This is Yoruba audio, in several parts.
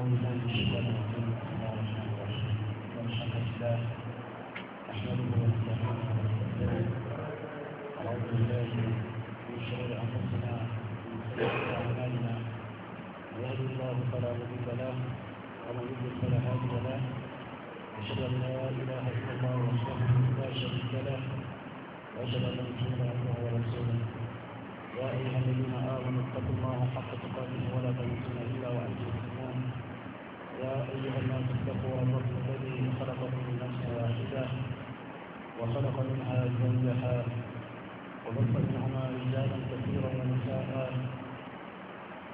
أعوذ بالله من الشيطان الرجيم بسم الله الرحمن الرحيم والحمد لله نحمده ونستعينه ونستغفره ونعوذ بالله من شرور أنفسنا ومن سيئات أعمالنا من يهده الله فلا مضل له ومن يضلل فلا هادي له أشهد لا إله إلا الله وحده لا شريك له وأشهد أن محمدا عبده يا أيها الذين آمنوا اتقوا الله حق تقاته ولا تموتن إلا وأنتم يا أيها الناس اتقوا ربكم الذي خلقكم من نفس واحدة وخلق منها زوجها وبث منهما رجالا كثيرا ونساء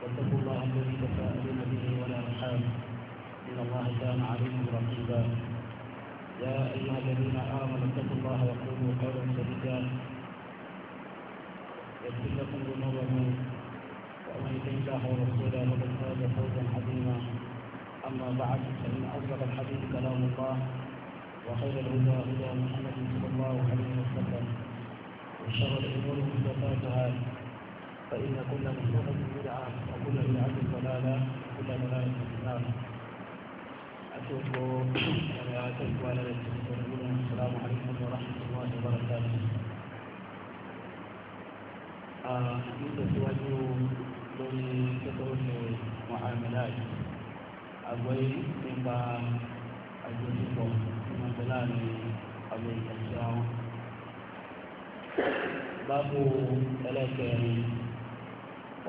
واتقوا الله الذي تساءلون به ولا أرحام إن الله كان عليكم رقيبا يا أيها الذين آمنوا اتقوا الله وقولوا قولا سديدا يغفر لكم ذنوبكم ومن يطع الله ورسوله فقد فاز فوزا عظيما أما بعد فإن أصدق الحديث كلام الله وخير الهدى هدى محمد صلى الله عليه وسلم وشر الأمور محدثاتها فإن كل محدثة بدعة وكل بدعة ضلالة وكل ضلالة في النار أتوقع يا أتوقع على السلام عليكم ورحمة الله وبركاته يتزوج من كثرة معاملات àgbọ́yé nípa àjọṣepọ̀ ìmọ̀tẹ́ láàrin àwọn èèyàn sí àwọn. báàbò ẹlẹ́kẹ̀rin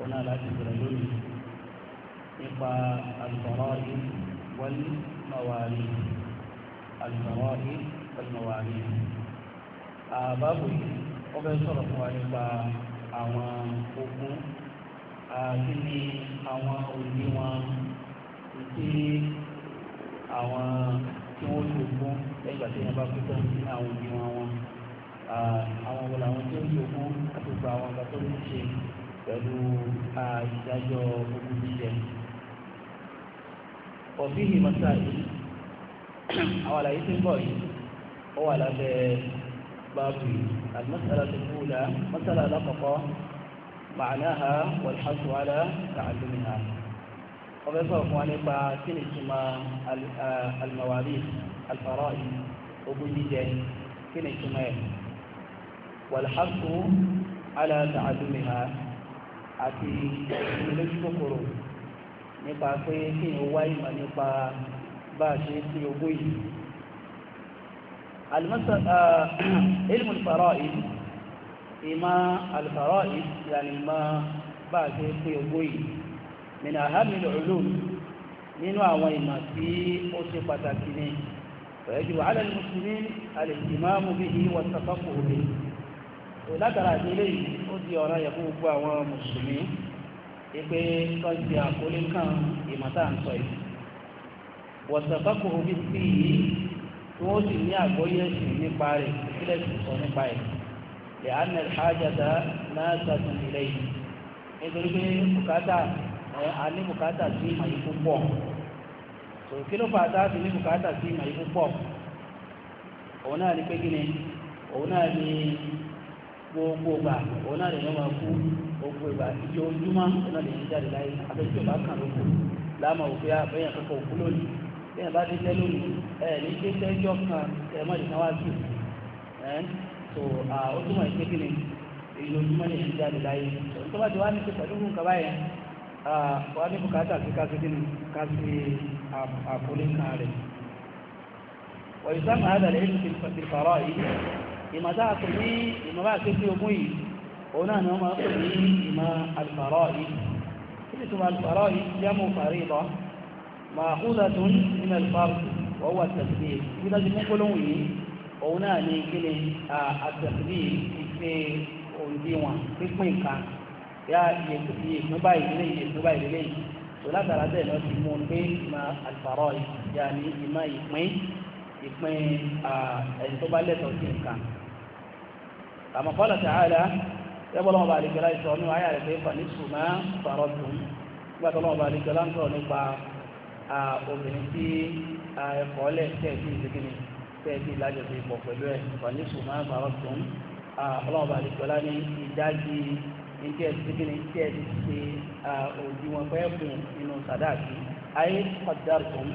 ọ̀nà láti bẹ̀rẹ̀ lónìí nípa àlùfàwárí wọlé mọ̀wárí àlùfàwárí wọlé mọ̀wárí. àbábò yìí wọ́n fẹ́ sọ̀rọ̀ fún wa nípa àwọn ogún àti ní àwọn òní wọn sí àwọn tí wọ́n ti ogún lẹ́yìn àti ìyàbá tó tán sí àwọn òbí wọn wọn àwọn wọlé àwọn tí wọ́n ti ogún àti gba àwọn àgbà tó ń ṣe pẹ̀lú ìdájọ́ ogún jíjẹ. ọ̀bí ni màtá yìí àwọn àlàyé tí ń bọ̀ yìí ó wà lábẹ́ báàbù yìí àlùmọ́sálà tó kú la mọ́sálà alákọ̀ọ́kọ́ màánáà wàlúhàṣù wàlá tààlùmíà. ọbẹ̀ sọ̀rọ̀ fún wa nípa kí ni ìtumọ̀ alimawari alifara yìí ogún jíjẹ kí ni ìtumọ̀ ẹ̀ wàlhásù aláàtà àdúmìhà àti ìlójú kòkòrò nípa pé kí ni ó wá ìmọ̀ nípa bá a ṣe sí ogún yìí ilmu alifara yìí ìmọ̀ alifara yìí yàrá ìmọ̀ bá a ṣe sí ogún yìí. min ahamil ulum nínú àwọn ìmọ̀ tí ó ṣe pàtàkì ni yajibu ala al-muslimin al-ihtimamu bihi wat-tafaqquh bihi látara ìdílé yìí ó di ọ̀rọ̀ yẹ fún gbogbo àwọn mùsùlùmí ipe kan ti àkólé kan ìmọ̀ta ń sọ yìí wọ̀sàfàkùn òbí sí yìí tí wọ́n sì ní àgbóyè sí nípa rẹ̀ sílẹ̀ sì sọ nípa ẹ̀ lè anel hajjata náà sàtún nítorí pé bùkátà ní bùkátà sí ìmọ̀ yìí púpọ̀ so kí ló fà tá a fi ní bùkátà sí ìmọ̀ yìí púpọ̀ òun náà ni pé kí ni òun náà ni gbogbo ìgbà òun náà lè yọ máa kú gbogbo ìgbà ìjọ ojúmọ́ òun náà lè yọ jáde láyé abẹ́jọ́ bá kàn lóko láàmà òfin abẹ́yàn ah, kọ́kọ́ òkú lónìí bẹ́ẹ̀ bá dé lónìí ẹ̀ ní dé tẹ́jọ́ kan ẹ̀ mọ́ ìdíkan wá sí ẹ̀ tó ó túmọ̀ ìpé kí ni ìjọ ojúmọ́ lè yọ jáde láyé tó bá ti wá ní pẹ̀lú nǹkan báyẹn wà ní bùkátà sí kásìkí ní kásì àforíkà rẹ̀ wà ìsáàmù àádàlẹ̀ ìlú ti fàrọ̀ yìí ìmọ̀tá àpò ní ìmọ̀rá àti sí ogún yìí òun náà ni wọ́n máa pè ní ìmọ̀ alfàrọ̀ yìí kí ni tuma alfàrọ̀ yìí jẹ́mú fàrí lọ màkúzàtún nínú alfàrọ̀ wọ́n wà tẹ̀sílẹ̀ ibi tó mú gbólóhùn yìí òun náà ni kí ni àtẹ̀sílẹ̀ ìpè òǹdíwọ̀n pípín nǹkan yá iye ìpín báyìí lé iye ìpín báyìí lé yìí tó látara bẹ́ẹ̀ lọ ti mú un pé ìmọ̀ àlùfàrọ̀ yìí yá ní ìmọ̀ ìpín ìpín ẹni tó bá lẹ́tọ̀ọ́ sí nǹkan. àmọ́ qala ta'ala yẹ́bọ́ lọ́wọ́ bá àlejòlá ìsọ ní wáyà rẹ̀ pé fàníṣù máa fàrọ̀ tún nígbà tó lọ́wọ́ bá àlejòlá ń sọ̀rọ̀ nípa obìnrin tí ẹ̀kọ́ lẹ̀ tẹ̀sí ìdíkìnnì tẹ̀sí ìlàjọsìn pọ̀ pẹ̀lú ẹ̀ fàníṣù máa fàrọ̀ tún ọlọ́wọ́ àlejòlá ní ìdájí ntí ẹ ti kíni ntí ẹ ti ṣe òdiwọ̀n fẹ́ fún inú sàdáàkì ayé kọjárùkùn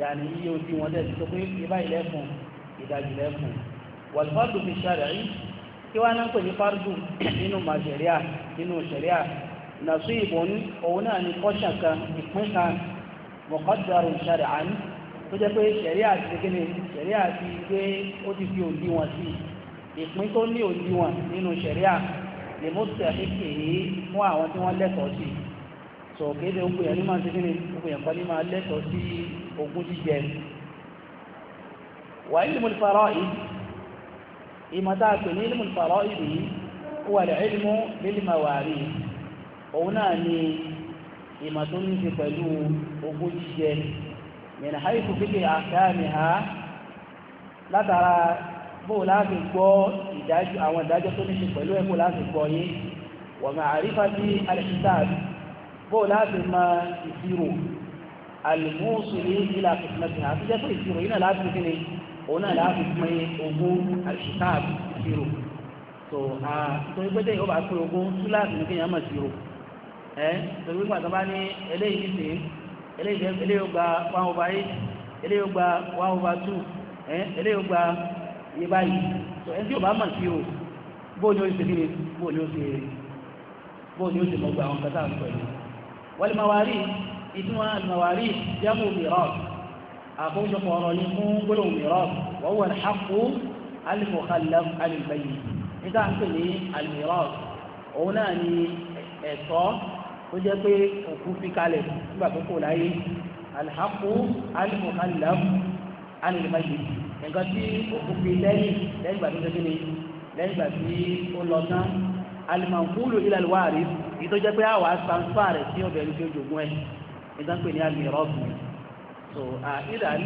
yàní iye òdiwọ̀n tẹ̀ tó pé ibà ilẹ̀ fún ìdajì lẹ̀ fún wàlúfàdù fi ṣàrẹ̀ yìí kí wọ́n náà pè ní fárúdù nínú màṣẹ̀ríà nínú ṣẹ̀ríà nàṣú ìbọn òun náà ní kọ́ṣà kan ìpín kan mọ̀kọ́járù ṣàrẹ̀ àní tó jẹ́ pé ṣẹ̀ríà ti kíni ṣẹ̀ríà ti gbé ó ti fi òdiwọ̀n sí ìpín tó ní òdiwọ̀n nínú ṣẹ̀ríà lè mú tẹ̀lé kèé fún àwọn tí wọ́n lẹ́tọ̀ọ́ sí sọ kéde ogun yẹn ní máa ń tẹ́lẹ̀ ogun yẹn kan ní máa lẹ́tọ̀ọ́ sí ogún jíjẹ wà ilmul fara'id ìmọ̀ta pè ní ilmul fara'id yìí wà lè ilmu lil mawarith òun náà ni ìmọ̀ tó ṣe pẹ̀lú ogún jíjẹ yẹn haifu fíkì àkáàmì ha látara bó láti gbọ́ àwọn ìdájọ́ tó ní ṣe pẹ̀lú ẹ̀ bó láti gbọ́ yé wa ma'rifati al-hisab bó láti ma ìṣirò al-musili ila qismati àti jẹ́ pé ìṣirò yìí náà láti fi ni òun náà láti pín ogún al-hisab ìṣirò tó a torí pé tẹ́yìn ó bá pín ogún túláàsì ní kéèyàn mọ̀ ìṣirò ẹ́ gba one over eight eléyìí gba gba yé báyìí tó ẹni tí ò bá mọ̀ sí o bó ni ó ṣe kí ni bó ni ó ṣe bó ni ó ṣe mọ̀gbà àwọn kẹta àti pẹ̀lú wal mawari ìtumọ̀ mawari jamu miras àkójọpọ̀ ọ̀rọ̀ ní fún gbólóhùn miras wa huwa al-haqqu al-mukhallaf nígbà ń pè ní al òun náà ni ẹ̀tọ́ ó jẹ́ pé òkú fi kalẹ̀ nígbà tó kò láyé al-haqqu al-mukhallaf nǹkan tí ó kò fi lẹ́yìn lẹ́yìn ìgbà tó ṣe kíni lẹ́yìn ìgbà tí ó lọ tán alimankulu ilal wari èyí tó jẹ́ pé àwa sanfa rẹ̀ sí ọ̀bẹ̀ ẹni tí ó jogún ẹ̀ nígbà pé ní alimirọ́ọ̀sì so ìdàn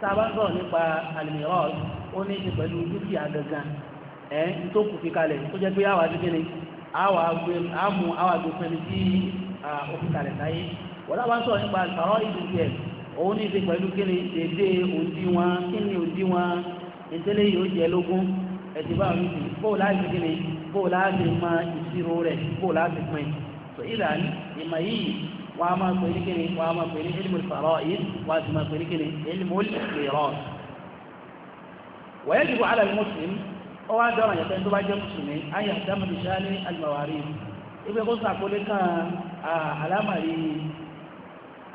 tá a bá ń sọ̀rọ̀ nípa alimirọ́ọ̀sì ó ní ṣe pẹ̀lú dúkìá gangan ẹ̀ ń tó kù fi kalẹ̀ tó jẹ́ pé àwa ti kíni àwa àmú àwa gbé pẹ̀lú tí ó fi kalẹ̀ láyé wọ́n láwọn sọ̀rọ̀ nípa àlùfáà òun ní ti pẹ̀lú kí ni dédé òdi wọn kí ni òdi wọn ìtẹ́lẹ̀ yìí ó jẹ́ lógún ẹ̀sìn bá mi sì bóòlù láti kí ni bóòlù láti mọ ìṣirò rẹ̀ bóòlù láti pin so ìlànà ìmọ̀ yìí wọ́n a máa pè ní kí ni wọ́n a máa pè ní ilmul fara'id wọ́n a sì máa pè ní kí ni ilmul qirat ويجب على المسلم هو دورا يتن تو باجي مسلمي ان يهتم بشان المواريث ibe ko sa ko le kan alamari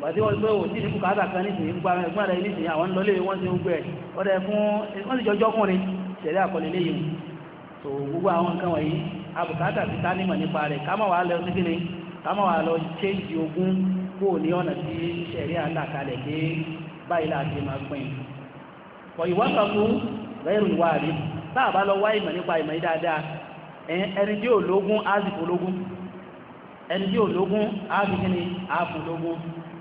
gbàtí wọ́n pé òtí ní bùkátà kan nísìnyí gbogbo àwọn ẹ̀gbọ́n rẹ̀ nísìnyí àwọn lọlé wọ́n ti ń gbẹ ọdẹ fún wọ́n ti jọjọ́ fún ni tẹ̀lé àkọlẹ̀ léyìn tó gbogbo àwọn nǹkan wọ̀nyí àbùkátà ti ká nímọ̀ nípa rẹ̀ ká má wàá lọ sí kíni ká má wàá lọ chéǹjì ogún kó ní ọ̀nà tí sẹ̀rí àlà kalẹ̀ dé báyìí láti máa pín ọ̀ ìwọ́sọ̀ fún bẹ́ẹ̀rù ìwà rí bá a bá lọ wá ìmọ̀ nípa ìmọ̀ yìí dáadáa ẹni tí ò lógún á sì fún lógún ẹni tí ò lógún á sì kíni á fún lógún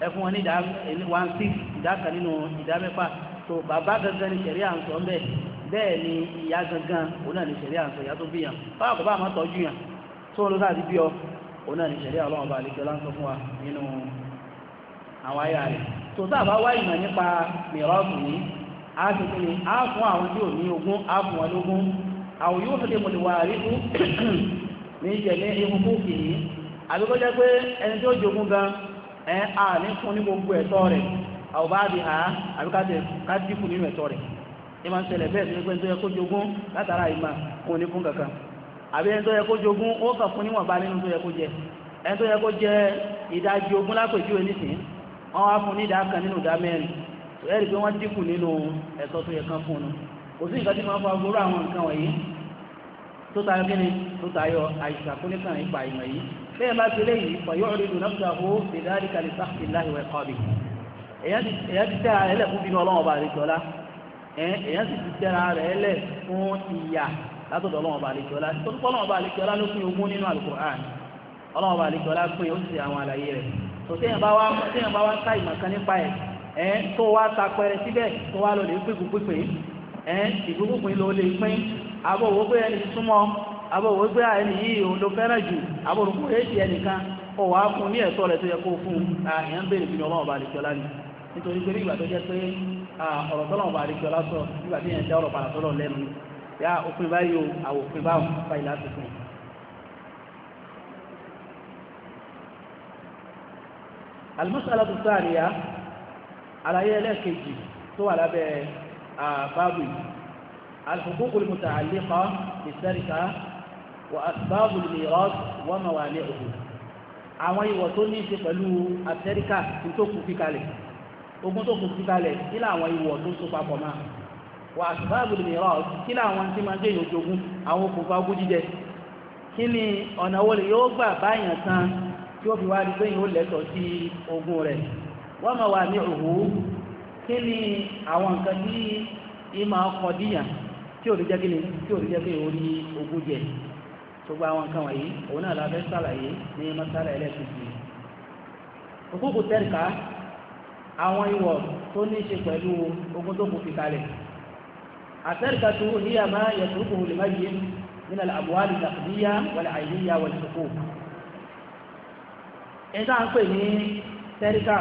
ẹfún wọn ní ìdá one six ìdá kan nínú ìdá mẹ́fà tó bàbá gangan ní sẹ̀rí àǹsọ ńbẹ bẹ́ẹ̀ ni ìyá gangan òun náà ní sẹ̀rí àǹsọ ìyá tó bí yàn báwa kò bá àmọ́ tọ́jú yàn tó ń lọ sáà ti bí ọ òun náà ní sẹ̀rí ọlọ́run bá àlejò láǹsọ fún wa nínú àwọn ayé rẹ̀ tó sábà wá ìmọ̀ nípa mìíràn yìí a ti pè ní a fún àwọn tí ò ní ogún a fún wọn lógún àwọn yóò fi lè mọ̀ lè wà rí fún ní àbíkọ́jẹ́ pé ẹni tí ó jogún gan ẹ eh, a ní fún ní gbogbo ẹ̀tọ́ rẹ̀ àwọn ha àbí ká dínkù nínú ẹ̀tọ́ rẹ̀ ní máa ń ṣẹlẹ̀ bẹ́ẹ̀ sí pé tó yẹ kó jogún látara ìmọ̀ kún ní fún kankan àbí ẹni tó yẹ kó jogún ó kàn fún níwọ̀nba nínú tó yẹ kó jẹ ẹni tó yẹ kó jẹ ìdajì ogún lápèjúwe nísìnyí wọ́n wá fún ní ìdá kan nínú ìdá mẹ́rin ẹ̀rí pé bẹ́ẹ̀ bá ti léyìí pẹ̀yọ́ òrìdù náfṣàfó ìdárí kàlífà ìláhì wẹ̀ kọ́bì èyàn ti tẹ́ra rẹ̀ lẹ̀ fún bínú ọlọ́wọ́n bá rí jọlá èyàn sì ti tẹ́ra rẹ̀ lẹ̀ fún ìyà látọ̀dọ̀ ọlọ́wọ́n bá rí jọlá tó ń kọ́ ọlọ́wọ́n bá rí jọlá ló pín ogún nínú alukur'an abọ́wọ́ gbé àyẹni yìí òun ló fẹ́ràn jù abọ́rùnkún èsì ẹnìkan ó fún ní ẹ̀tọ́ rẹ̀ tó yẹ kó fún àyẹ̀ bèèrè fún ọlọ́run bá àdìsọ́lá ni nítorí pé nígbà tó jẹ́ pé ọ̀rọ̀ tọ́lọ́run bá àdìsọ́lá sọ nígbà tí yẹn المسألة الثانية على يلاكي سؤال بابي الحقوق المتعلقة بالتركة wà asbáàbù mìíràn wọ́n mọ̀ wà ní òkú àwọn ìwọ̀ tó ní ṣe pẹ̀lú àtẹ́ríkà tó kù fi kalẹ̀ ogun tó kù fi kalẹ̀ kí láwọn ìwọ̀ tó so papọ̀ máa wà asbáàbù mìíràn kí láwọn tí máa jẹ́yìn ojogun àwọn okùnfà ogún jíjẹ kí ni ọ̀nà wo lè yóò gbà báyàn tán tí ó fi wá di pé yóò lẹ́tọ̀ọ́ sí ogun rẹ̀ wọ́n mọ̀ wà ní òkú kí ni àwọn nǹkan tí ìmọ̀ ọkọ̀ díyàn tí ò gbogbo àwọn nǹkan wọ̀nyí òun náà la fẹ́ sàlàyé ní mọ́sálà ẹlẹ́kùnjì òkúkù tẹ́ǹkà àwọn ìwọ̀ tó ní ṣe pẹ̀lú ogun tó kù fi kalẹ̀ àtẹ́ǹkà tó ní àmà yẹtùrúkù lè má yé nínú àbúwálì tàbíyá wàlẹ̀ àìníyá wàlẹ̀ tó kù ẹ̀dá ń pè ní tẹ́ǹkà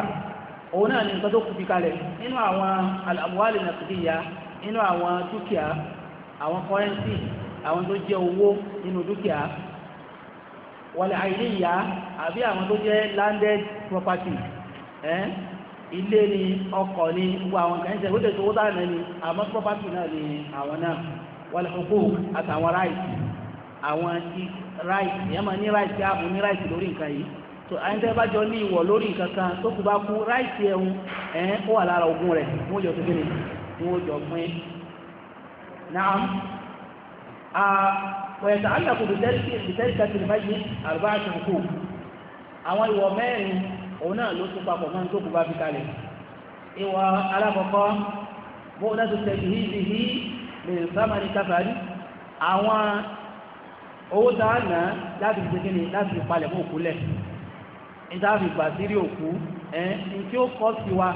òun náà ní nǹkan tó kù fi kalẹ̀ nínú àwọn àbúwálì tàbíyá nínú àwọn dúkìá àwọn kọ́rẹ́ńsì àwọn tó jẹ́ owó nínú dúkìá wàlẹ̀ àìníyà àbí àwọn tó jẹ́ landed property ilé ni ọkọ̀ ni gbogbo àwọn ka ṣe ìwé tó ni àwọn property náà ni àwọn náà wàlẹ̀ òkú àtàwọn right àwọn right ìyẹn ní right ààbò ní right lórí nǹkan yìí so àyíntẹ́ bá jọ ní ìwọ̀ lórí nǹkan kan tó kù bá kú right ẹ̀hún ẹ̀hún ó wà lára ogún rẹ̀ wọ́n jọ tó gbé ni ويتعلق بتركة الميت أربعة حقوق àwọn ìwọ̀ mẹ́rin òun náà ló tún papọ̀ mọ́ tó kù bá fi kalẹ̀ ìwọ̀ alákọ̀ọ́kọ́ bó náà tó tẹ̀lé ìdí ìdí lè sámánì káfàárí àwọn owó táà náà láti fi gbẹ́gbẹ́ ni láti palẹ̀ mọ́ òkú lẹ̀ ìtàfi gbàsírí òkú ẹ̀ ń tí ó kọ́ sí wa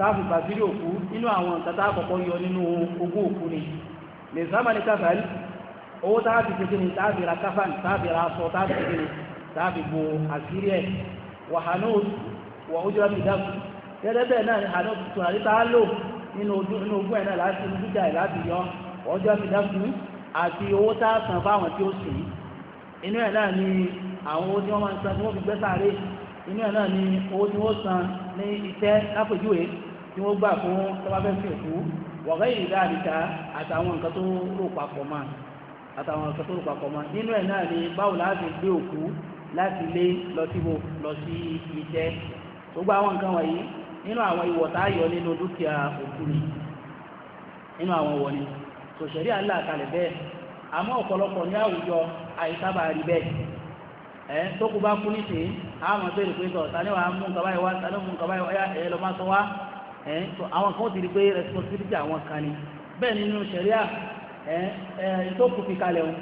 tàfi gbàsírí òkú nínú àwọn tàtà àkọ́kọ́ yọ nínú ogún òkú ni lè sámánì káfàárí owó táàbì ṣe kíni táàbì ra káfàn táàbì ra aṣọ táàbì ṣe kíni táàbì bo àṣírí ẹ̀ wà hanod wà ojú ọ̀bì dáàbì gẹ́gẹ́ bẹ́ẹ̀ náà ni hanod tùràrí tá a lò nínú ogún ẹ̀ náà láti inú dúdà ẹ̀ láti yọ wà ojú ọ̀bì dáàbì àti owó táàsàn fáwọn tí ó sì inú ẹ̀ náà ni àwọn owó tí wọ́n máa ń san tí wọ́n fi gbẹ́ sáré inú ẹ̀ náà ni owó tí wọ́n san ní iṣẹ́ lápèjúwe tí wọ́n gbà fún tọ́wọ́ fẹ́ fi òkú wọ̀gẹ́ ìdáàdìta àtàwọn nǹkan tó rò papọ̀ máa àtàwọn ọ̀sán tó rò papọ̀ mọ́ nínú ẹ̀ náà ni báwo láti gbé òkú láti lé lọ sí mo lọ sí ìtẹ́ gbogbo àwọn nǹkan wọ̀nyí nínú àwọn ìwọ̀ tá a yọ nínú dúkìá òkú ni nínú àwọn ìwọ̀ ni sòṣèlú àlá àkàlẹ̀ bẹ́ẹ̀ àmọ́ ọ̀pọ̀lọpọ̀ ní àwùjọ àìsábà rí bẹ́ẹ̀ ẹ̀ tó kú bá kú nísìnyí àwọn tó ìrìnkú ìtọ̀ tani wàá mú nǹkan báyìí wá tani mú nǹkan báyìí ọ̀yá ẹ̀ lọ́ máa sọ wá ẹ̀ àwọn kan ó ti rí pé responsibility àwọn kan ni bẹ́ẹ̀ nínú ṣẹ̀ríà ìtókù fi kalẹ̀ ohun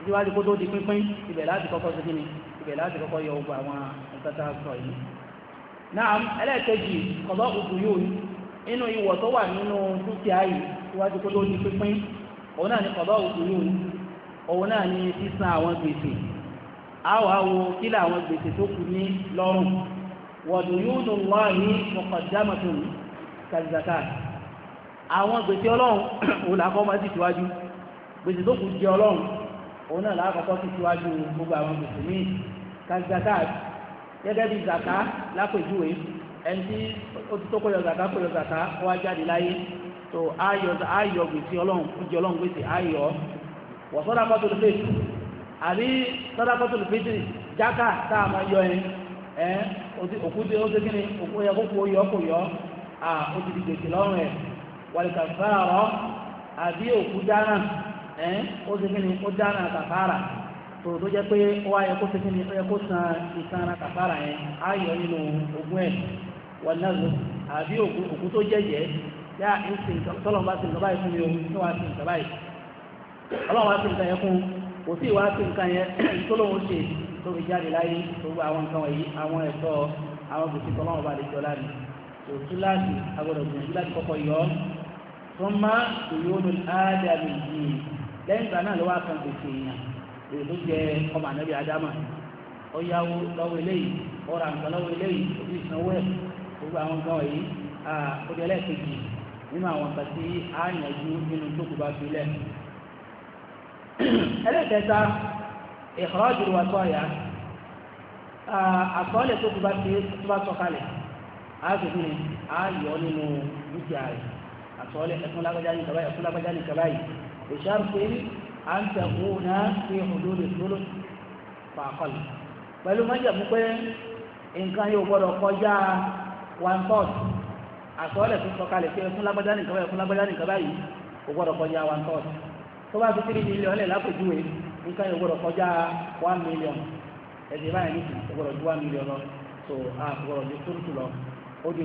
ìdíwájú kó tó di pínpín ibẹ̀ láti kọ́kọ́ sí kí ni ibẹ̀ láti kọ́kọ́ yọ ogun àwọn ìtata sọ yìí náà ẹlẹ́ẹ̀kejì kọ̀lọ́ òkú yóò ní inú ìwọ̀ tó wà nínú ni àwọn gbèsè ọlọ́run òun làkọ́ máa ti síwájú gbèsè tó kù jẹ ọlọ́run òun náà làkọ́kọ́ ti síwájú gbogbo àwọn gbèsè míì kazaka gẹ́gẹ́ bí zaka lápèjúwe ẹni tí ó ti tó kó yọ zaka kó yọ zaka ó wá jáde láyé tó ayọ̀ gbèsè ọlọ́run ó jẹ ọlọ́run gbèsè ayọ̀ wọ̀ sọ́dà kọ́tòlù fèsì àbí sọ́dà kọ́tòlù fèsì jáka tá a máa yọ ẹ ẹ òkú tí ó ṣe kí ni òkú yẹ kó kó yọ kó yọ ó ti di gbèsè lọ́rùn ẹ̀ wàlìkàfàárọ̀ àbí òkú dáná ẹ́ ó ti kíni ó dáná kàfàárà tó tó jẹ́ pé ó wáyé kó ti kíni ó yẹ kó san ìsanra kàfàárà yẹn á yọ nínú ogún ẹ̀ wọ̀nàzù àbí òkú tó jẹ́jẹ́ yá ìsìn tọ́lọ̀ bá ti nǹkan báyìí fún mi o ní wàá ti nǹkan báyìí ọlọ́run wá sí nǹkan yẹn fún kò sí ìwà sí nǹkan yẹn tó lóun ṣe tó fi jáde láyé gbogbo àwọn nǹkan wọ̀nyí àwọn ẹ̀tọ́ àwọn gbèsè tọ́lọ́run ثم ديون الآدميين lẹ́yìn ìgbà náà ló wá kan gbèsè èèyàn èyí tó jẹ ọmọ ànábì ádámà ó yáwó lọ́wọ́ eléyìí ó ra nǹkan lọ́wọ́ eléyìí a yànjú sọ́ọ́lẹ̀ ẹ̀fún lágbájá ní kàbáyì ẹ̀fún lágbájá ní kàbáyì ìṣàrùfẹ́ à ń tẹ̀kù náà fi hùn lórí ìṣòro fàákọ́lù pẹ̀lú májẹ̀mú pé nǹkan yóò gbọ́dọ̀ kọjá one third àsọ́ọ́lẹ̀ tó sọ kalẹ̀ pé ẹ̀fún lágbájá ní kàbáyì ẹ̀fún lágbájá ní kàbáyì kò gbọ́dọ̀ kọjá one third tó bá fi three million lẹ̀ lápèjúwe nǹkan yóò gbọ́dọ̀ kọjá one million ẹ̀sìn báyìí nìkan kò gbọ́dọ̀ ju one million lọ so a kò gbọ́dọ̀ ju two two lọ ó di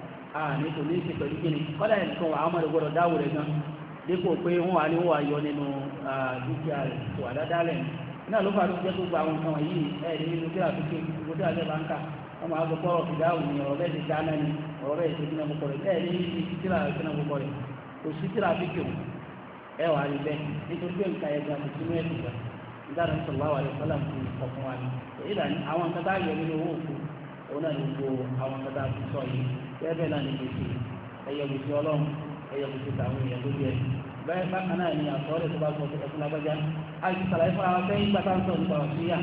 àní ah, kò ní ṣe pẹ̀lú kíni kọ́lá ẹ̀kan àwọn ọmọ rẹ̀ gbọ́dọ̀ dáwò rẹ̀ gan dípò pé wọ́n wà ní wọ́n ayọ nínú dúkìá rẹ̀ tó àdádálẹ̀ náà ló fà ló jẹ́ gbogbo àwọn nǹkan wọ̀nyí ẹ̀rí nínú bí àtúnṣe gbogbo tí àjọba ń kà wọ́n máa gbọ́ pọ́rọ̀ fìdáhùn ni ọ̀rọ̀ bẹ́ẹ̀ ti dáná ni ọ̀rọ̀ bẹ́ẹ̀ ti dínà gbogbo rẹ̀ bẹ́ẹ̀ ní sítíra ìdínà gbogbo rẹ̀ kò sítíra fíkì òun ẹ wà rí bẹ́ẹ̀ nítorí pé nǹkan ẹ̀gbọ́n ti sínú ẹ̀ tìgbà ìdára ń sọ̀rọ̀ àwọn àlẹ́sọ́là ń fi ọkàn wa ni èyí àwọn nǹkan tá a yọ nínú owó òkú òun náà ní gbogbo àwọn nǹkan tá a sọ yìí bẹ́ẹ̀ náà ní gbèsè ẹ̀yẹ gbèsè ọlọ́run ẹ̀yẹ gbèsè tàwọn èèyàn lórí ẹ̀ bẹ́ẹ̀ bákan náà tó bá sọ lágbájá àti sàlàyé fún àwọn sẹ́yìn gbàtà ń sọ nípa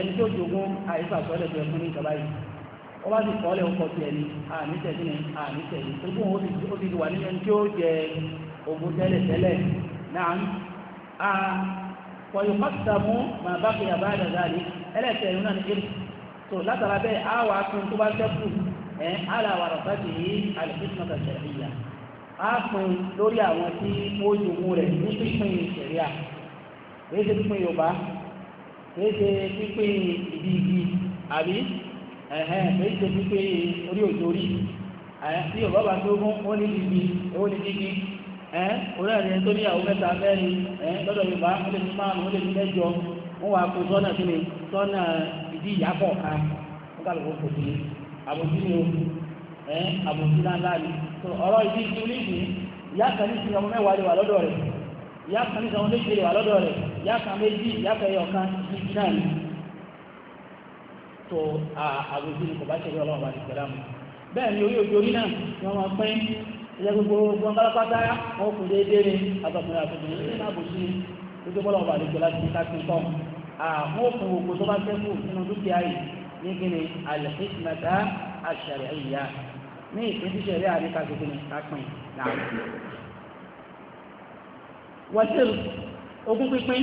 ẹni tó jogún àìsàn tó ní ìjọba yìí bá sì tiẹ̀ ẹ̀ aláwàrọ̀ sáàtì yìí alìsísmọ̀tà ṣẹ̀ríyà á pin lórí àwọn tí ó jogún rẹ̀ ní pínpín ṣẹ̀ríà kìí ṣe pínpín yorùbá kìí ṣe pínpín ìdí igi àbí ẹ̀hẹ́n kìí ṣe pínpín orí òjòrí tí yorùbá bá jogún ó ní igi ó ní igi ẹ̀ orí ẹ̀rẹ́ tó ní àwọn mẹ́ta mẹ́rin àbòsí ni o ẹ àbòsí ńláńlá ni ọ̀rọ̀ ìdí ìdúrí ìdí ìyá kan ní ìsìn ọmọ mẹ́wàá lè wà lọ́dọ̀ rẹ̀ ìyá kan ní ìsìn ọmọ méjì lè wà lọ́dọ̀ rẹ̀ ìyá kan méjì ìyá kan ẹyọ kan ìdí náà ni tó àbòsí ni kò bá ṣẹlẹ̀ ọlọ́run bá ti pẹ̀lú àmọ́ bẹ́ẹ̀ ni orí òjò orí náà ni wọ́n máa pín ìyẹ́ gbogbo wọn kálápátá wọn kò déédéé ni àtọkùnrin àtọkùnrin ní àbòsí ni gbogbo ọlọ́run bá ti pẹ̀lú àti ká ní gíní alhikmata ash-shar'iyya ní ìpínlẹ̀ rí àríkà gbogbo ní kápín láàrín wọ́tíl ogún pínpín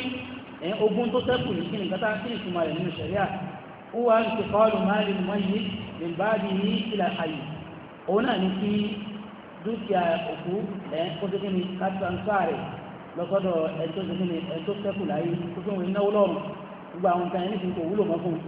ẹ̀yìn ogún tó sẹ́kù ní gíní kátà sí ìtumọ̀ rẹ̀ nínú ṣẹ̀ríà ó wà ní kọlu máa lè mọ́ yìí lè bá di ní ìlà ayé òun náà ní kí dúkìá òkú ẹ̀ kó tó gíní kátà ń sáré lọ́sọ́dọ̀ ẹ̀tọ́ gíní ẹ̀tọ́ sẹ́kù láyé tó fi wọn náwó lọ́rùn gbogbo àwọn nǹkan ẹni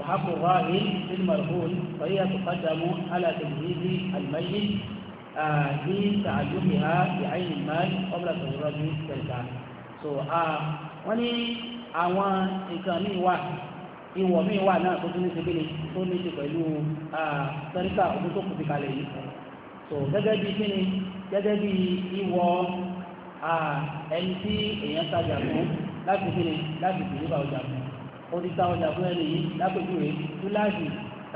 وحق الراهن في المرهون وهي تقدم على تجهيز الميت في تعلمها بعين المال قبل تجربة تلك so wọ́n ní àwọn nǹkan míì wà ìwọ̀ míì wà náà tó tún ní ṣe kíni tó ní ṣe pẹ̀lú sẹ́ríkà ọdún tó kù fi kalẹ̀ yìí so gẹ́gẹ́ bí kíni gẹ́gẹ́ bí ìwọ̀ ẹni tí èèyàn tajà fún láti kíni láti fi nípa ọjà fún ó ti ta ọjà fún ẹni yìí lápèjúwe túláàsì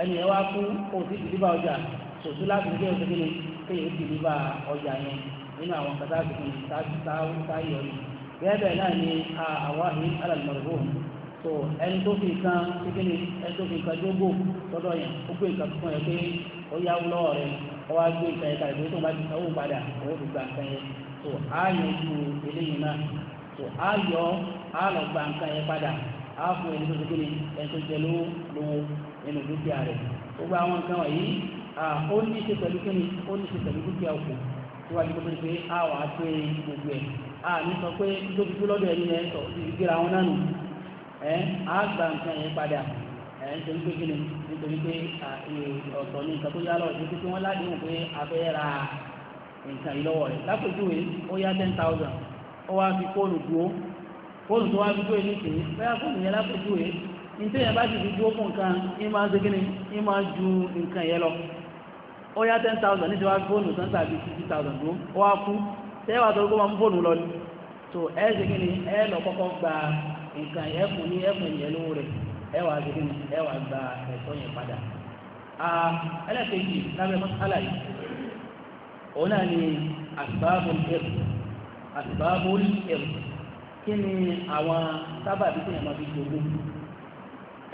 ẹni ẹ wá kú ó ti ti dìbà ọjà tó túláàsì ní kéèyàn kékeré kéèyàn ti dìbà ọjà yẹn nínú àwọn kàtà àgbègbè táyọ̀ yìí bẹ́ẹ̀ bẹ́ẹ̀ náà ni àwa ní alàlùmọ̀rọ̀gbò tó ẹni tó fi kan kékeré ẹni tó fi kan dógò tọ́dọ̀ yẹn ó gbé nǹkan fún ẹ pé ó yá lọ́wọ́ rẹ ó wá gbé nǹkan yẹn kalẹ̀ pé tó ń bá ti sanwó padà òun fi gba nǹkan yẹn tó á yẹ ju eléyìí náà tó á yọ á lọ gba nǹkan yẹn padà á fún ẹni tó kékeré ẹni tó jẹ lówó lówó nínú dúkìá rẹ̀ gbogbo àwọn nǹkan wọ̀nyí ó ní ṣe pẹ̀lú kíni ó ní ṣe pẹ̀lú dúkìá òkú tó wájú pé pé á wà á pé gbogbo ẹ̀ á ní sọ pé tó fi tó lọ́dọ̀ ẹni yẹn sọ ti fi gbéra wọn náà nù ẹ á gba nǹkan yẹn padà ẹ nítorí pé kíni nítorí pé ọ̀tọ̀ ní nǹkan tó yá lọ ìdí pé wọ́n ládìhùn pé abẹ́ ra nǹkan ìlọ́wọ́ rẹ̀ lápèjúwe ó yá ten thousand ó wá fi fóònù dúró fóònù tó wá dúdú èyí tèé bẹ́ẹ̀ fóònù yẹn lápòjú ẹ̀ ní tẹ́yẹ̀ bá ti fi dúó fún nǹkan ní máa ń ṣe kíni ní máa ń ju nǹkan yẹn lọ ó yá ten thousand ní ti wá fóònù tán tàbí fifty thousand tó ó wá kú tẹ́yẹ̀ wá sọ́dọ́ kó máa mú fóònù lọ ni tó ẹ ṣe kíni ẹ lọ kọ́kọ́ gba nǹkan ẹ fún ní ẹ fún ìyẹn lówó rẹ̀ ẹ wá ṣe kíni ẹ wá gba ẹ̀tọ́ yẹn padà ẹlẹ́kẹ̀ẹ́jì lábẹ́ mọ́sálà yìí òun náà ni àsìbáàbò ẹ̀rù kí ni àwọn sábàbí tí èèyàn máa fi jogún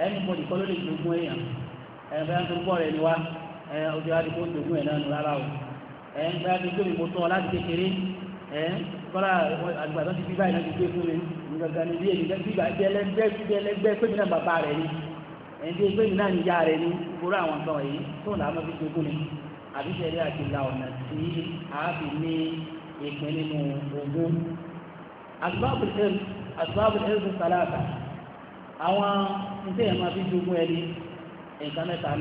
ẹni mo nìkan ló lè jogún èèyàn ẹni bẹ́ẹ̀ tó gbọ́ rẹ̀ ni wá ojú wa ti kó jogún ẹ̀ náà rárá o ẹni bẹ́ẹ̀ ti gbé mi mo tán ọ láti kékeré ẹni kọ́lá àgbà tó ti bí báyìí náà ti gbé fún mi nǹkan ní bí èmi bíbá bí ẹlẹgbẹ́ bí ẹlẹgbẹ́ pé mi náà bàbá rẹ̀ ni ẹni tí pé mi náà níyà rẹ̀ ni gbogbo àwọn nǹkan wọ̀nyí tó làá máa fi jogún ni àbí tẹ̀lé àti la ọ̀nà tí a fi ní ìpín nínú ogún asbab al-ilm asbab al-ilm salata awa nke ya máa fi jogún ẹni nǹkan mẹ́ta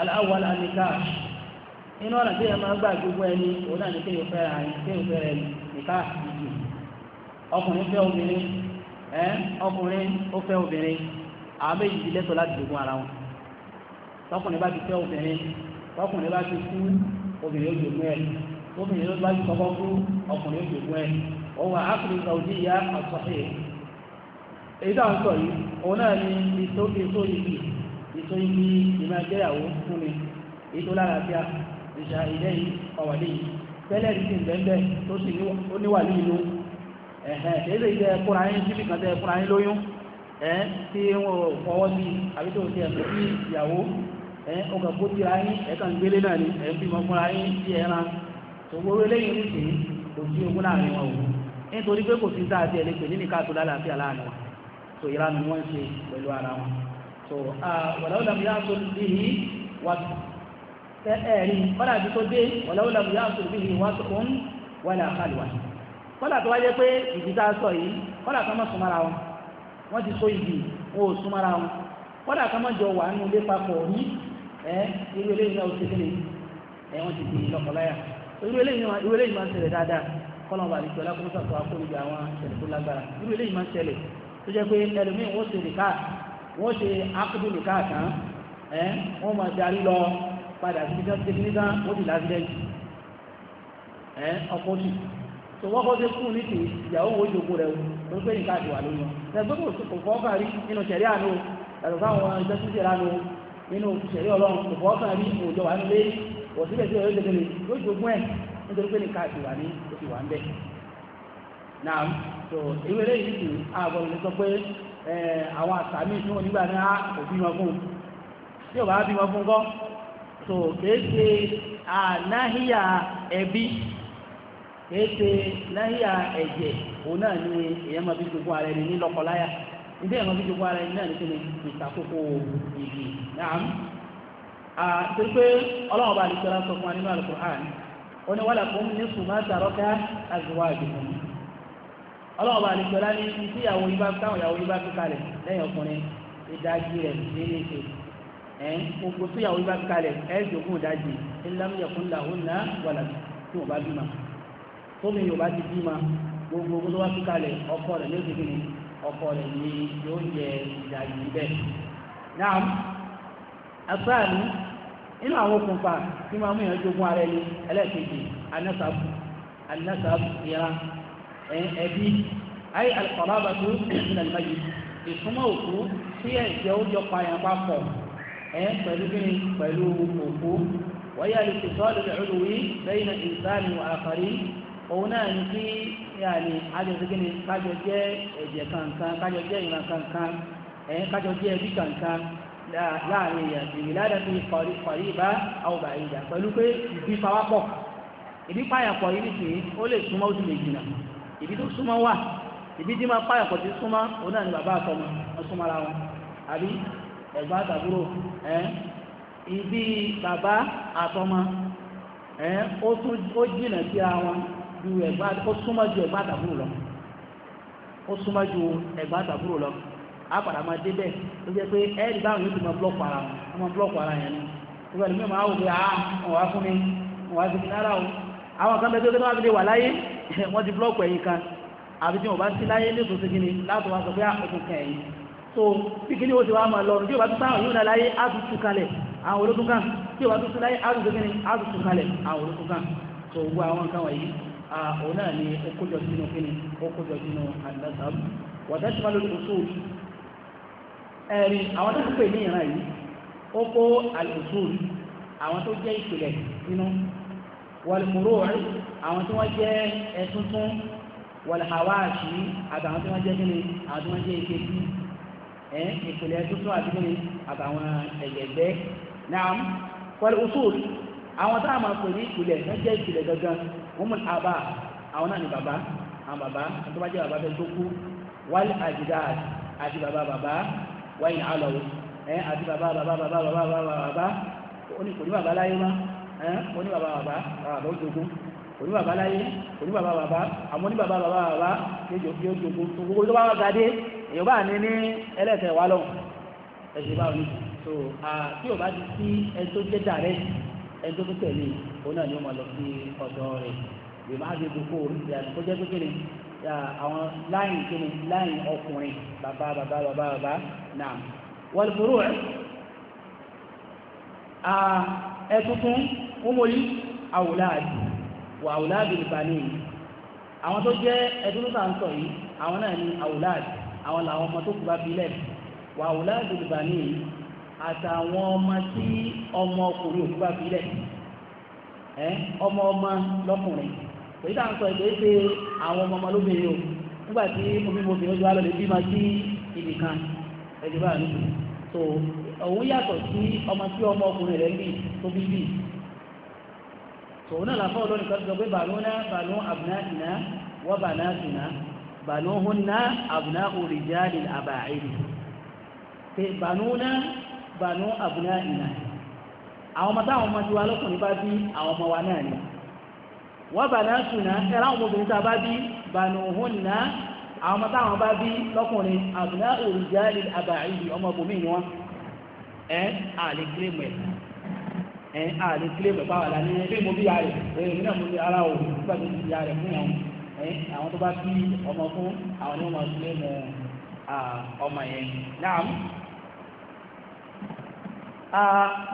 al-awwal an-nikah inú ọ̀nà tí yẹn máa gbà jogún ẹni òun ni kéèyàn fẹ́ ra ẹni kéèyàn fẹ́ ra ẹni nikah ìjì ọkùnrin ara wọn وهو عقد الزوجية الصحيح إذا أنتم هنا من يسوي ìtòyí ní ìmá jẹ́yàwó fún mi ètò lára bí a ìṣà ilẹ̀ ọ̀wàlẹ̀ yìí tẹ́lẹ̀ ìsìn bẹ́ẹ̀ tó sì níwà ní inú ẹ̀hẹ́n tẹ́lẹ̀ ilẹ̀ ẹ̀kúnra yín síbì kan tẹ́ ẹ̀kúnra yín lóyún ẹ̀ tí wọ́n fọwọ́ sí àbí tó ti ẹ̀kọ́ sí ìyàwó ẹ̀ ọkọ̀ kó ti ra yín ẹ̀kan gbélé náà ni ẹ̀ ń bímọ fúnra yín sí ẹran tó gbóró eléyìí nìsín kò sí ogún láàrin wọn òun nítorí pé kò sí sáà tí ẹ lè pè ní nìkan tó lálàáfíà láàrin wọn so ìranu wọn ṣe pẹ̀lú ara wọn so wàláwùlàmù yá tó bí i wà ẹ̀rí kọ́lá tó dé wàláwùlàmù yá tó bí i wà tó ń wàlà àkàlùwà kọ́lá tó wáyé pé ìdíta sọ yìí kọ́lá kan mọ́ súnmọ́ra wọn wọ́n ti so ìdí wọn ò súnmọ́ra wọn kọ́lá kan mọ́ jọ wà nínú ilé papọ̀ ní ẹ irú eléyìí náà ó ti kéde ẹ wọ́n ti di lọ́kọ̀láyà irú eléyìí máa ń ṣẹlẹ̀ dáadáa kọ́lọ́mọba àti ìṣọ́lá kó sàtọ́ akóríjà àwọn ìṣẹ̀lẹ̀ tó lágbára irú eléyìí máa ń ṣẹlẹ̀ tó jẹ́ pé ẹlòmíì wọ́n ṣe nìka wọ́n ṣe akudu nìka kan ẹ́ wọ́n máa darí lọ padà sí iṣẹ́ tẹkiníkan wọ́n ti lásìdẹ́ǹtì ẹ́ ọkọ̀ sí tó wọ́n kọ́ sí kú ní ti ìyàwó wo jòkó rẹ̀ tó pé nìka ti wà lóyún ẹgbẹ́ kò fọ́ kárí nínú ṣẹ̀rí àánú ẹ̀rọ fáwọn iṣẹ́ tó ṣẹ̀rí àánú nínú ṣẹ̀rí ọlọ́run kò fọ́ kárí òjò wà nílé òsíbẹ̀síbẹ̀ yóò nítorí pé nìkan ti wà ní ó wà ń bẹ̀. náà tó ìwé lẹ́yìn nìkú àbọ̀rọ̀ lè pé àwọn àsàmì tí wọ́n nígbà ní á òbí wọn fún tí ò bá bí wọn fún kọ́ ànáhíyà ẹbí náhíyà ẹ̀jẹ̀ òun náà èèyàn máa fi jogún ara ẹni ní ìdí fi jogún ara ẹni náà ní ìtàkókò ìdí náà. àti pé ọlọ́run bá lè sọ fún wa nínú ó ní wọ́lá fún ní sùnmọ́ tàrọ́ká àzùwà àjùmọ̀ ọlọ́ọ̀bà àlejòlá ní tí ìyàwó yìí bá táwọn ìyàwó yìí bá fi kalẹ̀ lẹ́yìn ọkùnrin ìdajì rẹ̀ nílé ṣe ẹ̀ gbogbo tí ìyàwó yìí bá fi kalẹ̀ ẹ̀ jogún ìdajì ńlámúyẹ̀kún làwọn náà wàlà tí wọ́n bá bímọ tómi yóò bá ti bímọ gbogbo tó bá fi kalẹ̀ ọkọ rẹ̀ ní òṣèlú ni ọkọ rẹ̀ ni yóò jẹ ìdajì bẹ́ẹ̀ náà asáàlú nínú àwọn okùnfà tí máa mú ìyàn jogun ara ẹni ẹlẹ́ẹ̀kejì anasabu anasabu ìyára ẹbí ayé alqaraba tó ìsìn àlùmáyé ìsúnmọ́ òkú tí ẹ̀jẹ̀ ó jọ pààyàn papọ̀ ẹ̀ pẹ̀lú kíni pẹ̀lú òkú wáyé alìsìtọ́lù ìrùlùwí lẹ́yìn ìsáàlì àkàrí òun náà ní kí yàní ajọ́sí kíni kájọ jẹ́ ẹ̀jẹ̀ kankan kájọ jẹ́ ìran kankan ẹ̀ kájọ jẹ́ ẹbí kankan láàrin èèyàn sí ìlànà tí kọ̀rí ìbá àwọn ọba ìjà pẹ̀lú pé ìbí pawápọ̀ ìbí páyàpọ̀ yìí nìsín ó lè súnmọ́ ó sì lè jìnà ìbí tó súnmọ́ wà ìbí tí máa páyàpọ̀ ti súnmọ́ òun náà ni bàbá àtọmọ wọn súnmọ́ ara wọn àbí ẹ̀gbọ́n àtàbúrò ìbí bàbá àtọmọ ó jìnà sí ara wọn ju ẹ̀gbọ́n ó súnmọ́ ju ẹ̀gbọ́n àtàbúrò lọ a padà máa dé bẹ́ẹ̀ tó jẹ́ pé ẹ́ẹ̀dì báwọn yóò ti máa blọ́ọ̀kù ara wọn wọ́n máa blọ́ọ̀kù ara yẹn ni ìgbà tí mímọ̀ áwò pé àá ah, wọn wá fún mi wọn wá sí mi lára o àwọn kan bẹ́ẹ̀ tó tó wá fi lè wà láyé wọ́n ti blọ́ọ̀kù ẹ̀yìn kan àbí tí wọ́n bá sí láyé lẹ́tọ̀ọ́ sí kíni láti wá sọ pé àkókò kan ẹ̀yìn so bí kíni ó ti wá máa lọ tí ó bá tún sáwọn yóò náà láyé á tún tú kalẹ̀ àwọn olókùn kan tí ó bá tún sí láyé á tún sí kíni á tún tú kalẹ̀ àwọn olókùn kan ẹ̀rí àwọn tó ń pè ní ìran yìí ó kó al-usul àwọn tó jẹ́ ìpìlẹ̀ nínú wal-furu' àwọn tí wọ́n jẹ́ ẹ̀túntún wal-hawashi àtàwọn tí wọ́n jẹ́ kíni àwọn tí wọ́n jẹ́ ike bí ẹ̀ ìpìlẹ̀ ẹ̀túntún àti kíni àtàwọn ẹ̀yẹ̀gbẹ́ naam wal-usul àwọn tá a máa pè ní ìpìlẹ̀ tó jẹ́ ìpìlẹ̀ gangan wọ́n mú àbá àwọn náà ni bàbá àwọn bàbá tó bá jẹ́ bàbá fẹ́ tó kú wal-ajdad àti bàbá bàbá wáyé alọ́wọ́ ẹ àti bàbá bàbá bàbá bàbá bàbá bàbá oní kò ní bàbá láyé má ẹ oní bàbá bàbá bàbá ó jogún oní bàbá láyé oní bàbá bàbá àmọ́ oní bàbá bàbá bàbá kéjọ kí ó jogún tó gbogbo tó bá wà gàdé èyàn bá ní ní ẹlẹ́sẹ̀ wà lọ́wọ́ ẹ̀sẹ̀ bá wọn so tí o bá ti sí ẹni tó jẹ́ dàrẹ́ ẹni tó tẹ̀lé òun náà ni ó máa lọ sí ọ̀dọ́ rẹ̀ yóò má àwọn láyìn tó ní láyìn ọkùnrin bàbá bàbá bàbá bàbá náà wal furu' ẹ̀tùtùn umori àwòláàdì wà àwòláàdì ìbàní àwọn tó jẹ́ ẹ̀tùtùn tàà ń sọ yìí àwọn náà ni àwòláàdì àwọn làwọn ọmọ tó kù bá bílẹ̀ wà àwòláàdì ìbàní àtàwọn ọmọ tí ọmọ ọkùnrin òkú bá bílẹ̀ ọmọ ọmọ lọ́kùnrin èyí tá à ń sọ ìgbé ṣe àwọn ọmọ ọmọlóbìnrin o nígbà tí omi mo bìnrin ojú alọ́lẹ̀ bí ma sí ibìkan ẹ̀jẹ̀ bá mi so òun yàtọ̀ sí ọmọ tí ọmọ ọkùnrin rẹ̀ bí tó bí bí so òun náà làfọ́ ọlọ́run kan sọ pé bàlú náà bàlú àbùnà ìná wọ́n bàná ìná bàlú hún náà àbùnà òrìjà ní àbàáyé pé bàlú náà bàlú àbùnà ìná àwọn ọmọ táwọn ọmọ tí wa lọ́kùnrin bá bí àwọn ọmọ wa náà ni wọ́n bà náà sùn náà ẹ̀rọ àwọn obìnrin tá a bá bí bànú òhun nà àwọn ọmọ táwọn bá bí lọ́kùnrin àbùnà òrìjà ní àbàáyì ọmọ bòmí ni wọ́n ẹ̀ àlè kílèmù ẹ̀ ẹ̀ àlè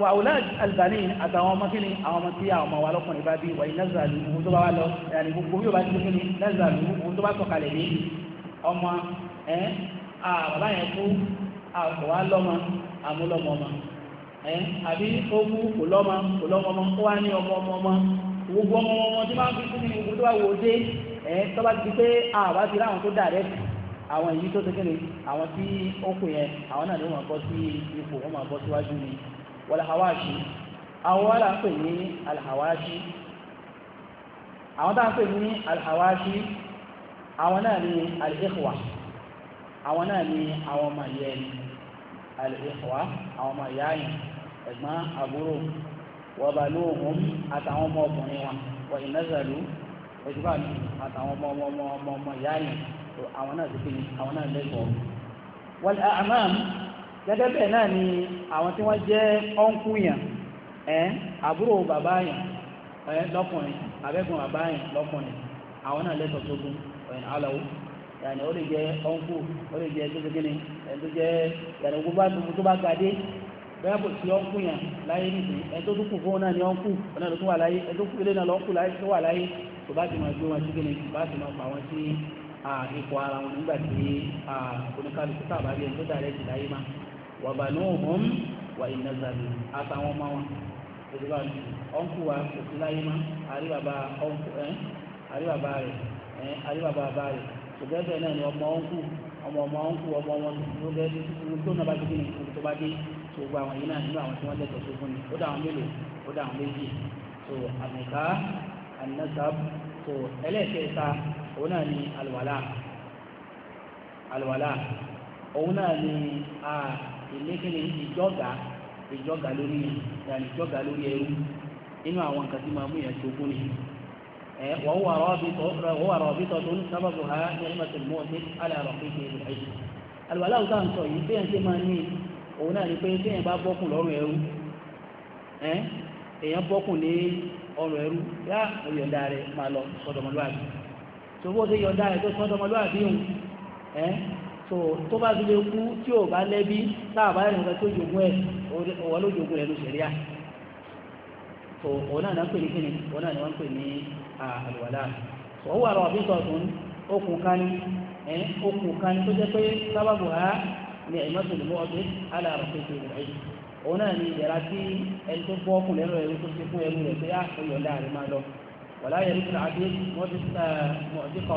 wà ọ̀làd albani àtàwọn ọmọ kíni àwọn ọmọ tí àwọn ọmọ wa lọ́kùnrin bá bí wà ní nazalu ohun tó bá wà lọ yàní gbogbo yóò bá ti kíni nazalu ohun tó bá sọ̀kalẹ̀ ní ọmọ ẹ bàbá yẹn kú àwọ̀ lọ́mọ àmúlọ́mọ ọmọ ẹ àbí ó kú kò lọ́mọ kò lọ́mọ ọmọ ó wá ní ọmọ ọmọ ọmọ gbogbo ọmọ ọmọ tí máa ń fi kú ní tó bá wò dé ẹ tó bá ti pé àwa ti ráwọn tó dà àwọn èyí tó tẹ́kẹ̀lé àwọn tí ó kù yẹn àwọn náà ló máa bọ́ sí ipò wọ́n máa bọ́ síwájú ni wàlàhàwáṣí àwọn wà láà pè ní alhàwáṣí àwọn táà pè ní alhàwáṣí àwọn náà ni alìkọwà àwọn náà ni àwọn ọmọ ìyá ẹni alìkọwà àwọn ọmọ ìyá ẹni ẹ̀gbọ́n àbúrò àtàwọn ọmọ ọkùnrin wọn wà ìnẹ́sàlú ẹ̀dùbà ní àtàwọn ọmọ ọmọ ọmọ ọmọ ìyá ẹni àwọn náà ti pè ní àwọn náà lẹ́kọ̀ọ́ wọ́n gẹ́gẹ́ bẹ́ẹ̀ náà ni àwọn tí wọ́n jẹ́ ọ́nkú yàn ẹ́ àbúrò bàbá yàn ẹ́ lọ́kùnrin abẹ́gun bàbá yàn lọ́kùnrin àwọn náà lẹ́tọ̀ọ́ tó gún ẹ̀yìn aláwọ̀ yàní ó lè jẹ́ ọ́nkú ó lè jẹ́ gbẹ́gbẹ́gbẹ́ni ẹ̀ tó jẹ́ yàní ogun bá tuntun tó bá gadé bẹ́ẹ̀ kò sí ọ́nkú yàn láyé nìyí ẹ̀ tó tún kù fún náà ni ọ́nkú ọ̀nà tó wà láyé ẹ̀ tó kù ilé náà lọ́nkú láyé tó wà láyé tó bá ti máa gbé wọn sí gbẹ́ni tó bá ti máa fà wọn sí ipò ara wọn nígbà tí oníkálukú sábà rí wàbànúhùn wà ìnàzàbí àtàwọn ọmọ wọn ìdíbà ọ̀nkù wa kò sí láyé mọ́ àríwàbà ọ̀nkù ẹ̀ àríwàbà rẹ̀ ẹ̀ àríwàbà bá rẹ̀ ṣùgbẹ́bẹ̀ náà ni ọmọ ọ̀nkù ọmọ ọmọ ọ̀nkù ọmọ ọmọ lóge tó náà bá ti gbìn kó tó bá dé tó gba àwọn yìí náà nínú àwọn tí wọ́n lẹ́tọ̀ọ́ tó fún ni ó dà mélòó ó dà méjì tó àmìká ànínásàb tó ẹlẹ́ẹ̀kẹta òun náà ni àlùwàlà àlùwàlà òun náà ni ah, ìlékele ìjọga ìjọga lórí ìyàní ìjọga lórí ẹrú nínú àwọn nǹkan tí máa mú yẹn ṣokú ni wọ́n wà rọ̀ bí tọ́tún sábàbù ha ní ẹ̀mẹ́tì mọ́ọ̀tì alàrọ̀ pé kí ẹ̀rù ẹ̀jù alùbálà ọ̀tá ń sọ yìí bẹ́ẹ̀ ṣe máa ní òun náà ni pé bẹ́ẹ̀ bá bọ́kùn lọ́rùn ẹrú èèyàn bọ́kùn ní ọrùn ẹrú yá mo yọ̀ǹda rẹ̀ máa lọ sọ́dọ̀mọlúwàbí tó bó ṣe yọ̀ǹda rẹ̀ tó sọ́dọ̀mọlúwàbí tó tó bá fi lè kú tí ò bá lẹ́bí láàbá ẹ̀rìn nǹkan tó jogún ẹ̀ òwò ló jogún rẹ̀ ló ṣẹ̀ríà tó òun náà ń pè ní kíni òun náà ni wọ́n pè ní àlùwàlá tó ó wà lọ́wọ́ sọ̀tún okùn kan okùn kan tó jẹ́ pé sábàbù ha ni ẹ̀mọ́tò lè mú ọdún aláàrọ̀ tó ti rẹ̀ yìí ni ìdẹ̀ra tí ẹni tó bọ́ ọkùn lẹ́rọ ẹ̀rú tó ti fún ẹrú rẹ̀ pé á ah, ó yọ̀ọ̀dá rẹ̀ máa lọ wàlá yẹ̀rú tó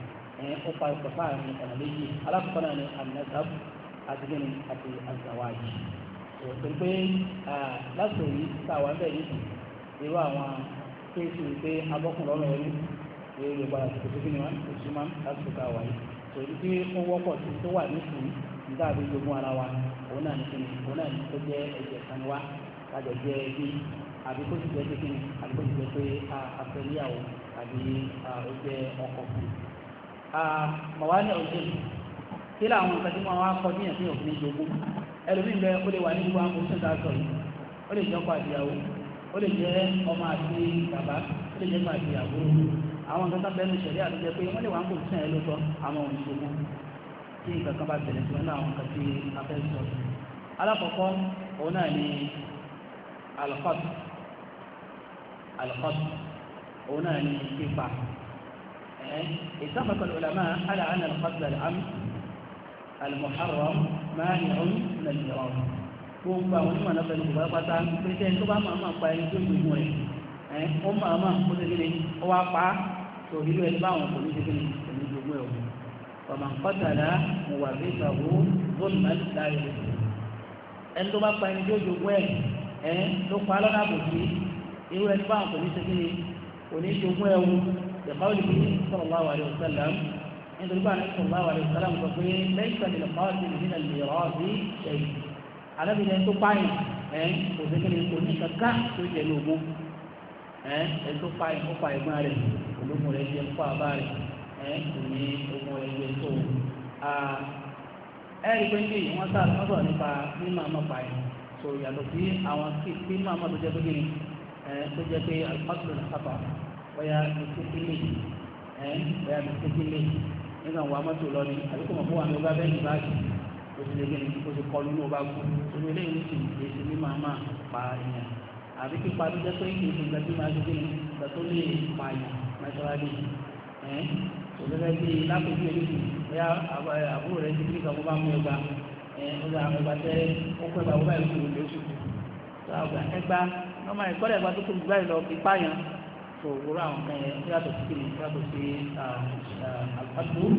Eh, ó pa ìpọ̀ sáàrin ọ̀nà méjì alákọ̀ọ́nà ni anazab àti gẹ́ni àti azawaj òtún pé lásìkò yìí sáwà ń bẹ̀ yìí irú àwọn kéésì pé abọ́kùn lọ́rùn ẹrú èrè ìgbà àsìkò tó kíni wọn kò súnmọ́ lásìkò tá a wà yìí tòun tí ó wọ́pọ̀ tó tó wà nísìnyí nígbà tó jogún ara wa òun náà ní kíni òun náà ní tó jẹ́ ẹ̀jẹ̀ kan wá kájọ jẹ́ ẹbí àbí kó ti jẹ́ pé àbí kó ti jẹ́ pé afẹ́níyàwó àbí ó jẹ́ ọkọ mọ̀wálẹ̀ ọ̀gbìn kí láwọn nǹkan tí wọ́n wá kọ bí ẹ̀sìn òfin ìjogún ẹlòmíì bẹ ó lè wà ní gbogbo àwọn oṣù tá a sọ yìí ó lè jẹ́ ọkọ àtìyàwó ó lè jẹ́ ọmọ àti bàbá ó lè jẹ́ ọmọ àtìyàwó àwọn nǹkan kan bẹnu ìṣẹ̀lẹ̀ àti jẹ́ pé wọ́n lè wà ń gbòòrò sí ẹ̀ lóòótọ́ àwọn òun ìjogún tí nǹkan kan bá tẹ̀lé sí wọn láwọn nǹkan tí a fẹ́ sọ alákọ̀ọ́kọ́ òun náà ni alùpàtù alùpàtù òun náà ni اتفق العلماء على أن القتل العمد المحرم مانع من الفرار gbogbo àwọn onímọ̀ náà fẹ́ẹ́ gbogbo apáta pété tó bá máa máa pa ẹni tó gbogbo rẹ̀ ẹ̀ ó máa máa kó tẹ́lẹ̀ ní ó wá pa á tó irú ẹni báwọn kò ní tẹ́lẹ̀ ní ẹni gbogbo ẹ̀ wọ̀ ọ̀mà kọ́tàlá mo wà bí ìgbàgbó bóòlù náà ti dáre rẹ̀ ẹni tó bá pa ẹni tó gbogbo ẹ̀ ẹ̀ ló pa lọ́nà àbòsí irú ẹni báwọn kò ní tẹ́lẹ̀ ní kò ní gbogbo ẹ̀ wọ̀ بقوله صلى الله عليه وسلم عند البعض صلى الله عليه وسلم يقول ليس للقاتل من الميراث شيء على بداية تقعي وذكر يقول لك كا تجنوبه ẹni tó pa ẹ̀kọ́ pa ẹ̀gbọ́n rẹ̀ olómo rẹ̀ jẹ́ ńkọ́ àbá rẹ̀ kò ní ọmọ rẹ̀ jẹ́ tó ẹ̀rí pé kí wọ́n sá wọ́n sọ̀rọ̀ nípa mímọ́ àmọ́ pa ẹ̀ tó yàtọ̀ sí àwọn kí mímọ́ àmọ́ tó jẹ́ pé kí ni tó jẹ́ pé alùpàtàkì lọ́nà kápá bóyá mẹsẹkìlì ẹ bóyá mẹsẹkìlì nínú àwọn amọ́tò lọ́ni àbí kò mọ̀ fún wa ní ọba bẹ́ẹ̀ ní báàgì o ti lè gbé ní kó ti kọlu ní ọba kú torí eléyìí ní tìǹ èsì ní màmá pa èèyàn àbí pípa tó jẹ́ pé kì í ṣe ìgbà tí màá ṣe gbé ní ìgbà tó lè pa èèyàn mẹsàládì ẹ òṣèlú bí lápẹ̀jù èyí bóyá àbúrò rẹ ti kíkà kó bá mú ẹgbà ẹ ó lọ àwọn ẹgbà tẹ ó pẹ́ bá wọ́n báyìí kúrò lóṣù tó àgbà ẹgbà ọmọ ìkọ́lẹ̀ ẹgbà tó tóbi báyìí tó wúrọ̀ àwọn kan yẹn yàtọ̀ sí kìnnì yàtọ̀ sí àlùfáàdù um, um,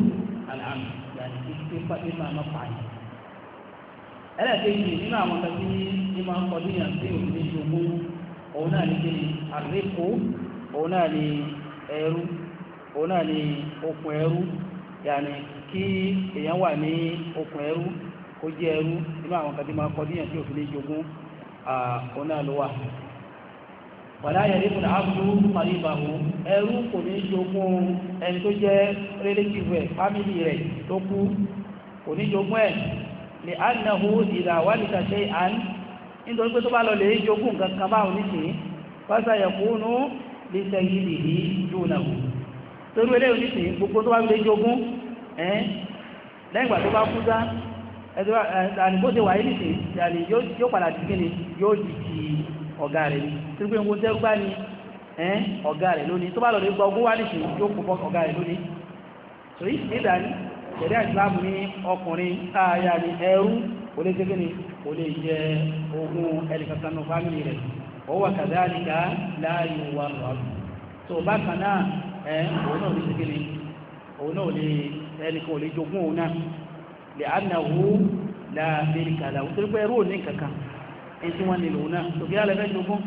àlàmì yàtọ̀ sí pípa tí màá máa pààyàn. ẹlẹ́ẹ̀kejì nínú àwọn kan tí ní máa ń kọjú yàn sí òfin ìṣòwò òun náà ní kìnnì àríkò òun náà ní ẹrú òun náà ní okùn ẹrú yàní kí èèyàn wà ní okùn ẹrú kó jẹ́ ẹrú nínú àwọn kan tí máa ń kọjú yàn sí òfin ìṣòwò òun náà ló wà wàlá yẹ̀rí fún àbúrú pàríbàwò ẹrú kò ní jogún ẹni tó jẹ́ relative ẹ̀ family rẹ̀ tó kú kò ní jogún ẹ̀ lè ánàhù ìlàwálìta ṣe àn nítorí pé tó bá lọ lè jogún kankan bá òní sí pásá yẹ̀kúnú lè tẹ̀yí lè ní jùnàwó torí ilé òní sí gbogbo tó bá lè jogún ẹ̀ ọ̀gá rẹ̀ ni tí pé mo tẹ́rú bá ní ẹ́n ọ̀gá rẹ̀ lónìí tó bá lọ lè gba ogún wá nìṣẹ́ yóò kún fọ́ ọ̀gá rẹ̀ lónìí so yìí ṣe dání ṣẹ̀dá ìsìláàmù ní ọkùnrin ààyà ní ẹrú kò lè ṣe kíni kò lè jẹ ogún ẹnìkankanú fámìlì rẹ̀ ó wà kàdáàlìkà láàyè wà lọ́rùn so bákan ẹ̀ ẹni tí wọ́n nílò òun náà tòkí alẹ́fẹ́ jogún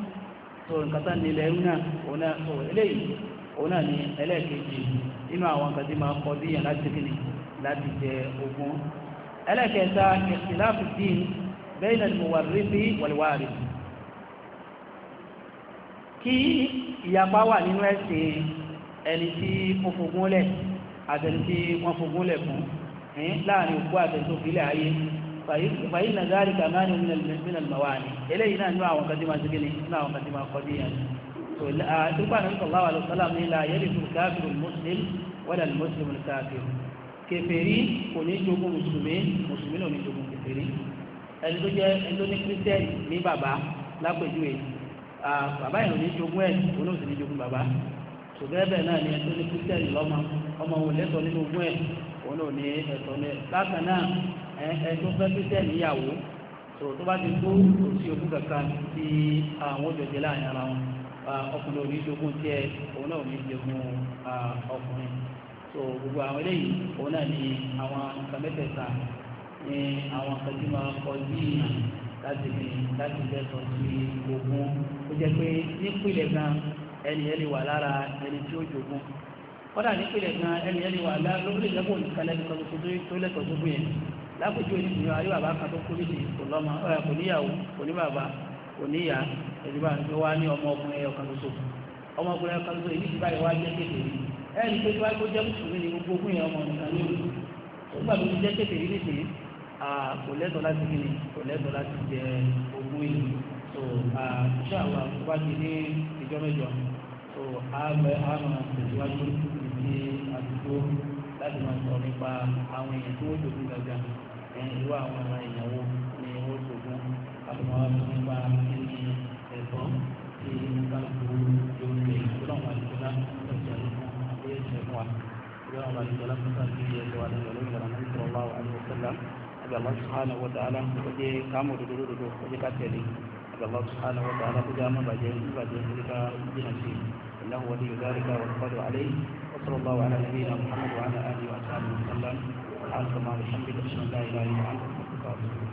tó nǹkan tán nílò ẹ̀rú náà òun náà tó eléyìí òun náà ní ẹlẹ́ẹ̀kejì nínú àwọn nǹkan tí máa kọ díyàn láti kí ni láti jẹ ogún ẹlẹ́ẹ̀kẹta ìsìláàfù dín bẹ́ẹ̀ náà ni mo wà rí sí wàlúwàrí kí ìyapa wà nínú ẹ̀sìn ẹni tí ó fogún àtẹni tí wọ́n fogún lẹ̀ fún láàrin òkú àtẹni tó fi ayé fàyín na gáàrí kàmáàni min al-mawani eléyìí náà ní àwọn kan tí máa ṣe gíní ní àwọn kan tí máa kọjú yẹn tó dúpà náà sallallahu alaihi wasallam ní la yarithu al-kafiru muslim wala al-muslimu kafir kèfèrí kò ní jogún mùsùlùmí mùsùlùmí náà ní jogún kèfèrí ẹni tó jẹ́ ẹni tó ní kírísítẹ́nì ní bàbá yẹn ò ní jogún ẹ̀ òun ò sì ní jogún bàbá ṣùgbọ́n náà ni ẹni tó ní lọ́mọ ọmọ òun lẹ́tọ̀ọ́ nínú ogún ẹ̀ òun ò ní ẹ̀tọ́ lẹ̀ bákan náà ẹ tó fẹ́ kírísítẹ́nì níyàwó tó tó bá ti kú kò sí ogún kankan tí àwọn òjòjì láàrin ara wọn ọkùnrin ò ní jogún tiẹ̀ òun náà ò ní jogún ọkùnrin tó gbogbo àwọn eléyìí òun náà ní àwọn nǹkan mẹ́tẹ̀ẹ̀ta ní àwọn nǹkan tí máa kọ sí ìyàn láti fi láti lẹ́tọ̀ọ́ sí ogún ó jẹ́ pé nípìnlẹ̀ gan ẹni ẹni wà lára ẹni tí ó jogún kọ́dà nípìnlẹ̀ gan ẹni ẹni wà lá lórí ìjẹ́bù nìkan lẹ́nu kan tó tó lẹ́tọ̀ tó bú yẹn lápòjú oníṣìṣẹ́ ayé bàbá kan tó kúrò sí kò lọ́mọ kò níyàwó kò ní bàbá kò níyà ẹ̀dí bá tó wá ní ọmọ ọkùnrin ẹyọ kan tó ọmọ ọkùnrin ẹyọ kan tó èyí ti báyìí wá jẹ́ kékeré ẹni ni gbogbo ogún yẹn ọmọ nìkan ní òru ó gbà tó jẹ́ so ṣáà wà wá ti ní tí a ti tó láti máa sọ nípa àwọn èèyàn tí wọ́n jogún gàgà ẹ̀yìn irú àwọn ọmọ ìyàwó ni wọ́n jogún àtùmọ̀wá tó nípa kíni ẹ̀tọ́ tí kálukú yóò lè gbọ́dọ̀ àdìgbọ́lá lọ́sẹ̀ àlùkò àbúyẹ̀ ìṣẹ̀fún wa gbọ́dọ̀ àdìgbọ́lá fúnta sí ẹ̀tọ́ àdìgbọ́lá ìgbàlá náà sọ̀rọ̀ láwọ̀ àdìgbọ́sọ̀lá àgbàlá sùhánà wọ̀tà àlà ó jẹ́ kámọ̀ òdodo òdodo ó jẹ́ الله سبحانه وتعالى بجامع بعدين بعدين ذلك جنسي إنه ولي ذلك والقدر عليه صلى الله على نبينا محمد وعلى اله واصحابه وسلم سبحانك اللهم وبحمدك اشهد ان لا اله الا انت استغفرك واتوب اليك